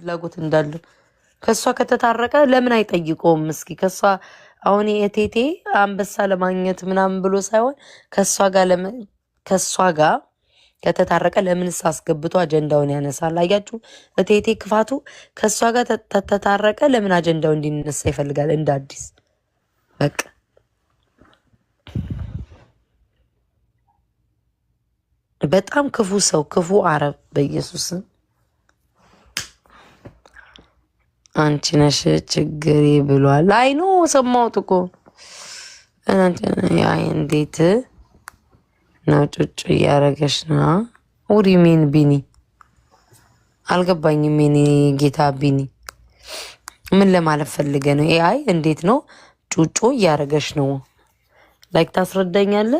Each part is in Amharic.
ፍላጎት እንዳለን ከእሷ ከተታረቀ ለምን አይጠይቀውም? እስኪ ከእሷ አሁን የቴቴ አንበሳ ለማግኘት ምናምን ብሎ ሳይሆን ከእሷ ጋር ከተታረቀ ለምንስ አስገብቶ አጀንዳውን ያነሳል? አያችሁ፣ እቴቴ ክፋቱ ከእሷ ጋር ተታረቀ ለምን አጀንዳው እንዲነሳ ይፈልጋል? እንደ አዲስ በቃ በጣም ክፉ ሰው፣ ክፉ አረብ በኢየሱስም አንቺ ነሽ ችግሬ ብሏል። ኖ ሰማሁት እኮ እንዴት ነው ጩጩ እያረገሽ ና ውሪ ሜን ቢኒ አልገባኝም። ሜን ጌታ ቢኒ ምን ለማለት ፈልገ ነው? ኤአይ እንዴት ነው ጩጮ እያረገሽ ነው? ላይክ ታስረዳኛለ?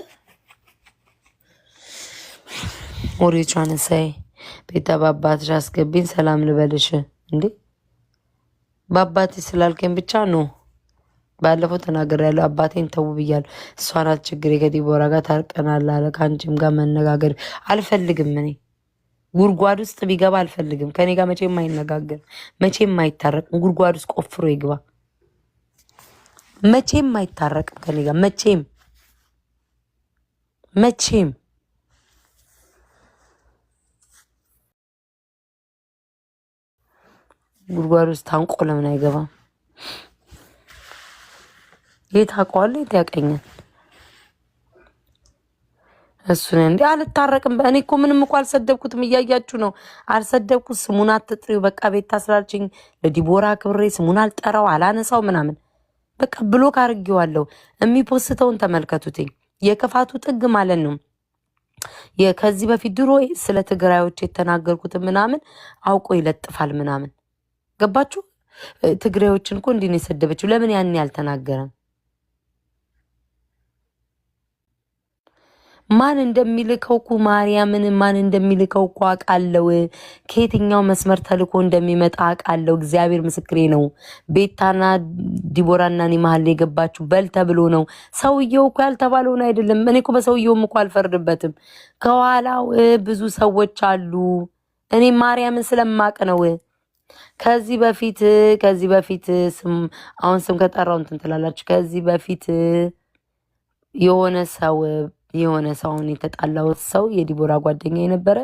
ወሬቿን ሳይ ቤተሰብ አባትሽ አስገቢኝ ሰላም ልበልሽ እንዴ በአባቴ ስላልከኝ ብቻ ነው። ባለፈው ተናገር ያለው አባቴን ተው ብያለሁ። እሷ ናት ችግሬ። ከዲቦራ ጋር ታርቀናል አለ። ከአንቺም ጋር መነጋገር አልፈልግም። እኔ ጉድጓድ ውስጥ ቢገባ አልፈልግም። ከኔ ጋር መቼም አይነጋገር፣ መቼም አይታረቅም። ጉድጓድ ውስጥ ቆፍሮ ይግባ። መቼም አይታረቅም ከኔ ጋር መቼም መቼም ጉድጓድ ውስጥ ታንቆ ለምን አይገባም? የት አውቀዋለሁ፣ የት ያቀኛል። እሱን እንዴ አልታረቅም። እኔ እኮ ምንም እኮ አልሰደብኩትም፣ እያያችሁ ነው። አልሰደብኩት። ስሙን አትጥሪው። በቃ ቤታ ስላልችኝ ለዲቦራ ክብሬ ስሙን አልጠራው አላነሳው ምናምን በቃ ብሎክ አድርጌዋለሁ። የሚፖስተውን ተመልከቱትኝ። የክፋቱ ጥግ ማለት ነው። ከዚህ በፊት ድሮ ስለ ትግራዮች የተናገርኩትን ምናምን አውቆ ይለጥፋል ምናምን ገባችሁ? ትግራዮችን እኮ እንዲህ ነው የሰደበችው። ለምን ያን ያልተናገረም? ማን እንደሚልከው እኮ ማርያምን፣ ማን እንደሚልከው እኮ አውቃለሁ። ከየትኛው መስመር ተልኮ እንደሚመጣ አውቃለሁ። እግዚአብሔር ምስክሬ ነው። ቤታና ዲቦራና እኔ መሀል የገባችሁ በል ተብሎ ነው። ሰውየው እኮ ያልተባለውን አይደለም። እኔ እኮ በሰውየውም እኮ አልፈርድበትም። ከኋላው ብዙ ሰዎች አሉ። እኔ ማርያምን ስለማቅ ነው ከዚህ በፊት ከዚህ በፊት ስም አሁን ስም ከጠራው እንትን ትላላችሁ። ከዚህ በፊት የሆነ ሰው የሆነ ሰውን የተጣላሁት ሰው የዲቦራ ጓደኛ የነበረ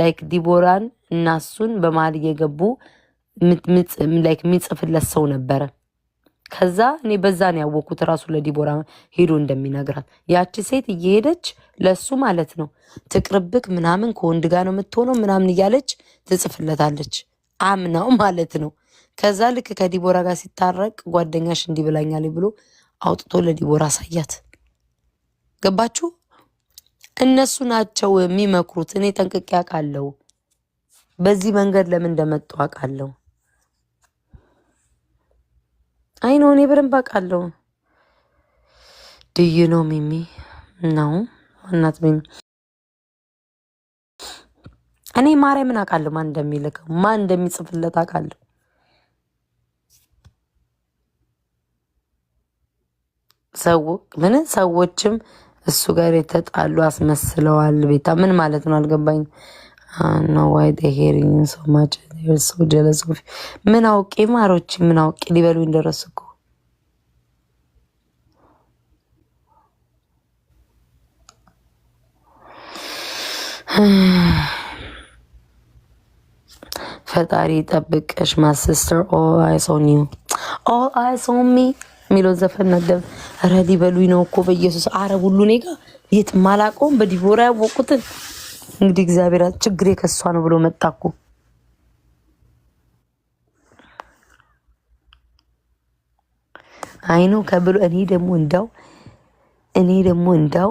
ላይክ ዲቦራን እናሱን እሱን በመሀል እየገቡ ላይክ የሚጽፍለት ሰው ነበረ። ከዛ እኔ በዛ ነው ያወቅኩት ራሱ ለዲቦራ ሄዶ እንደሚነግራት ያቺ ሴት እየሄደች ለሱ ማለት ነው ትቅርብክ ምናምን ከወንድ ጋር ነው የምትሆነው ምናምን እያለች ትጽፍለታለች። አምናው ማለት ነው። ከዛ ልክ ከዲቦራ ጋር ሲታረቅ ጓደኛሽ እንዲህ ብላኛል ብሎ አውጥቶ ለዲቦራ አሳያት። ገባችሁ? እነሱ ናቸው የሚመክሩት። እኔ ጠንቅቄ አውቃለሁ። በዚህ መንገድ ለምን እንደመጡ አውቃለሁ። አይ ነው እኔ በደንብ አውቃለሁ። ድዩ ነው ሚሚ ነው ማናት ሚሚ እኔ ማርያምን አውቃለሁ። ማን እንደሚልከው ማን እንደሚጽፍለት አውቃለሁ። ሰው ምን ሰዎችም እሱ ጋር የተጣሉ አስመስለዋል። ቤታ ምን ማለት ነው? አልገባኝም። I don't know why they're hating you so much. They're so jealous of you. ምን አውቄ ማሮች ምን አውቄ ሊበሉ እንደረሱ እኮ ፈጣሪ ጠብቀሽ። ማይ ሲስተር ኦል አይስ ኦን ዩ ኦል አይስ ኦን ሚ የሚለውን ዘፈን መደብ ረ ሊበሉኝ ነው እኮ በኢየሱስ አረብ ሁሉ እኔ ጋ የት ማላቀውም በዲቦራ ያወቁትን እንግዲህ እግዚአብሔር ችግሬ ከሷ ነው ብሎ መጣ እኮ አይኑ ከብሎ እኔ ደግሞ እንዳው እኔ ደግሞ እንዳው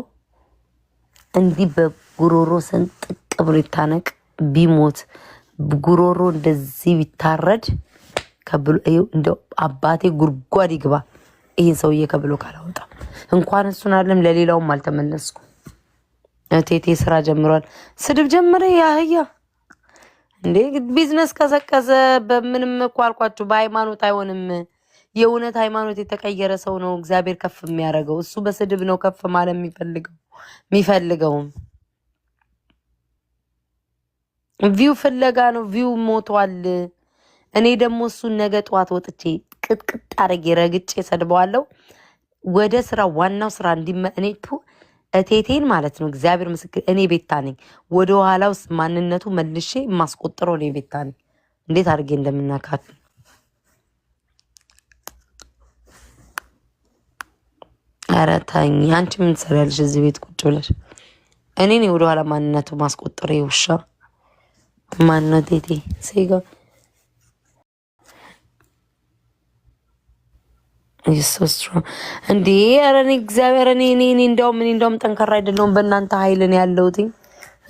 እንዲህ በጉሮሮ ሰንጥቅ ብሎ ይታነቅ ቢሞት ጉሮሮ እንደዚህ ቢታረድ ከብሎ እንደው አባቴ ጉድጓድ ይግባ። ይህን ሰውዬ ከብሎ ካላወጣ እንኳን እሱን አለም ለሌላውም አልተመለስኩም። ቴቴ ስራ ጀምሯል። ስድብ ጀምረ ያህያ እንዴ ቢዝነስ ቀዘቀዘ። በምንም እኮ አልኳችሁ፣ በሃይማኖት አይሆንም። የእውነት ሃይማኖት የተቀየረ ሰው ነው እግዚአብሔር ከፍ የሚያደርገው። እሱ በስድብ ነው ከፍ ማለት የሚፈልገው የሚፈልገውም ቪው ፍለጋ ነው። ቪው ሞቷል። እኔ ደግሞ እሱን ነገ ጠዋት ወጥቼ ቅጥቅጥ አድርጌ ረግጬ ሰድበዋለሁ። ወደ ስራ ዋናው ስራ እንዲመ እኔ እቴቴን ማለት ነው። እግዚአብሔር ምስክር እኔ ቤታ ነኝ። ወደ ኋላ ውስጥ ማንነቱ መልሼ የማስቆጥረው እኔ ቤታ ነኝ። እንዴት አድርጌ እንደምናካት ኧረ ተኝ። አንቺ ምን ትሰሪያለሽ እዚህ ቤት ቁጭ ብለሽ? እኔ ወደኋላ ማንነቱ ማስቆጠር ውሻ ቴቴ ሴጋ እንዴ ኧረ እኔ እግዚአብሔር እኔ እኔ እኔ እንደውም እኔ እንደውም ጠንካራ አይደለሁም። በእናንተ ኃይል ነው ያለሁት።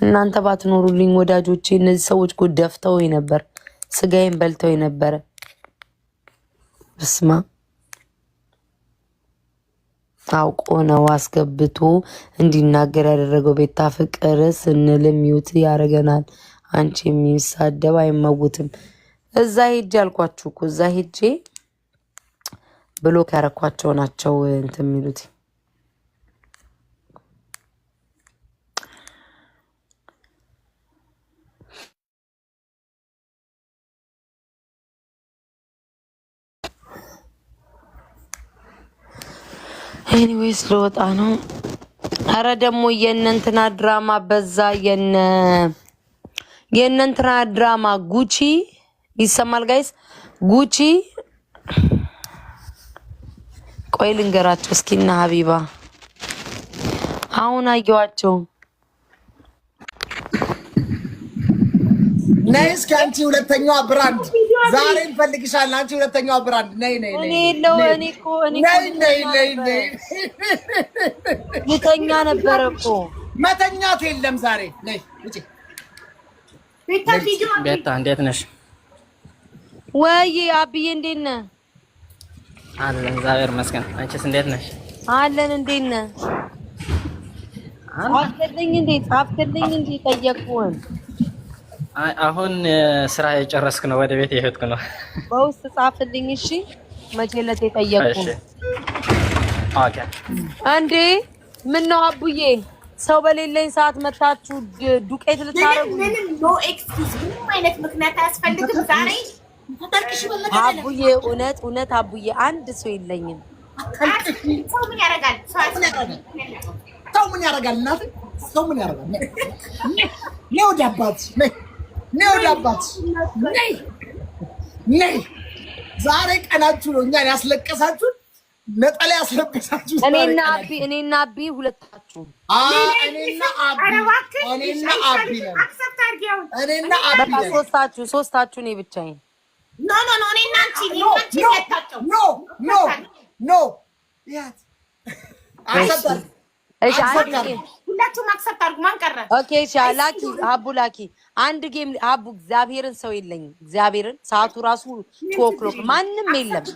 እናንተ ባትኖሩልኝ ወዳጆቼ፣ እነዚህ ሰዎች እኮ ደፍተው ነበር፣ ስጋዬን በልተው ነበረ። በስማ አውቆ ነው አስገብቶ እንዲናገር ያደረገው። ቤታ ፍቅር ስንል ሚውት ያደርገናል። አንቺ የሚሳደብ አይመውትም። እዛ ሄጄ አልኳችሁ እኮ እዛ ሄጄ ብሎክ ያረኳቸው ናቸው እንትን የሚሉት ኤኒዌይስ ለወጣ ነው። አረ ደግሞ የእነንትና ድራማ በዛ። የነ የእነንትና ድራማ ጉቺ ይሰማል ጋይስ ጉቺ ቆይ ልንገራቸው እስኪና ሀቢባ አሁን አየዋቸው። ነይ እስኪ አንቺ ሁለተኛዋ ብራንድ ዛሬ እንፈልግሻለን። አንቺ ሁለተኛዋ ብራንድ ነይ ነይ ነይ። እኔ የለው እኔ እኮ እኔ ልተኛ ነበረ እኮ መተኛት የለም ዛሬ። ነይ ውጪ። ቤታ እንዴት ነሽ? ወይ አብዬ እንዴት ነህ? አለን እግዚአብሔር ይመስገን። አንቺስ እንዴት ነሽ? አለን እንዴት ነህ? ጻፍክልኝ እንዴ? ጻፍክልኝ እንዴ? ጠየቅኩህን። አሁን ስራ የጨረስኩ ነው፣ ወደ ቤት የሄድኩ ነው። በውስጥ ጻፍልኝ እሺ። መቼ ዕለት የጠየቅኩህ? ኦኬ። እንዴ ምን ነው አቡዬ፣ ሰው በሌለኝ ሰዓት መታችሁ ዱቄት ልታረጉ? ምንም ኖ ኤክስኪውዝ፣ ምንም አይነት ምክንያት አያስፈልግም ዛሬ አቡዬ እውነት እውነት አቡዬ አንድ ሰው የለኝም። ሰው ምን ያደርጋል? ሰው እናት ሰው ምን ያደርጋል? ነይ ወደ አባትሽ ነይ፣ ወደ አባትሽ ነይ፣ ነይ። ዛሬ ቀናችሁ ነው እኛን ያስለቀሳችሁን፣ ነጠላ ያስለቀሳችሁ እኔና አቢ፣ እኔና ሁለታችሁ፣ እኔና አቢ፣ ሶስታችሁ፣ ሶስታችሁ እኔ ብቻዬን ኖ ኖ ኖ እኔ እና አንቺ እኔ እና አንቺ ሁለታቸው ኖ ኖ ኖ ያት አሰጣት እሺ ላኪ አቡ ላኪ አንድ ጌም አቡ እግዚአብሔርን ሰው የለኝም። እግዚአብሔርን ሰዓቱ ራሱ ቱ ኦክሎክ ማንም የለም።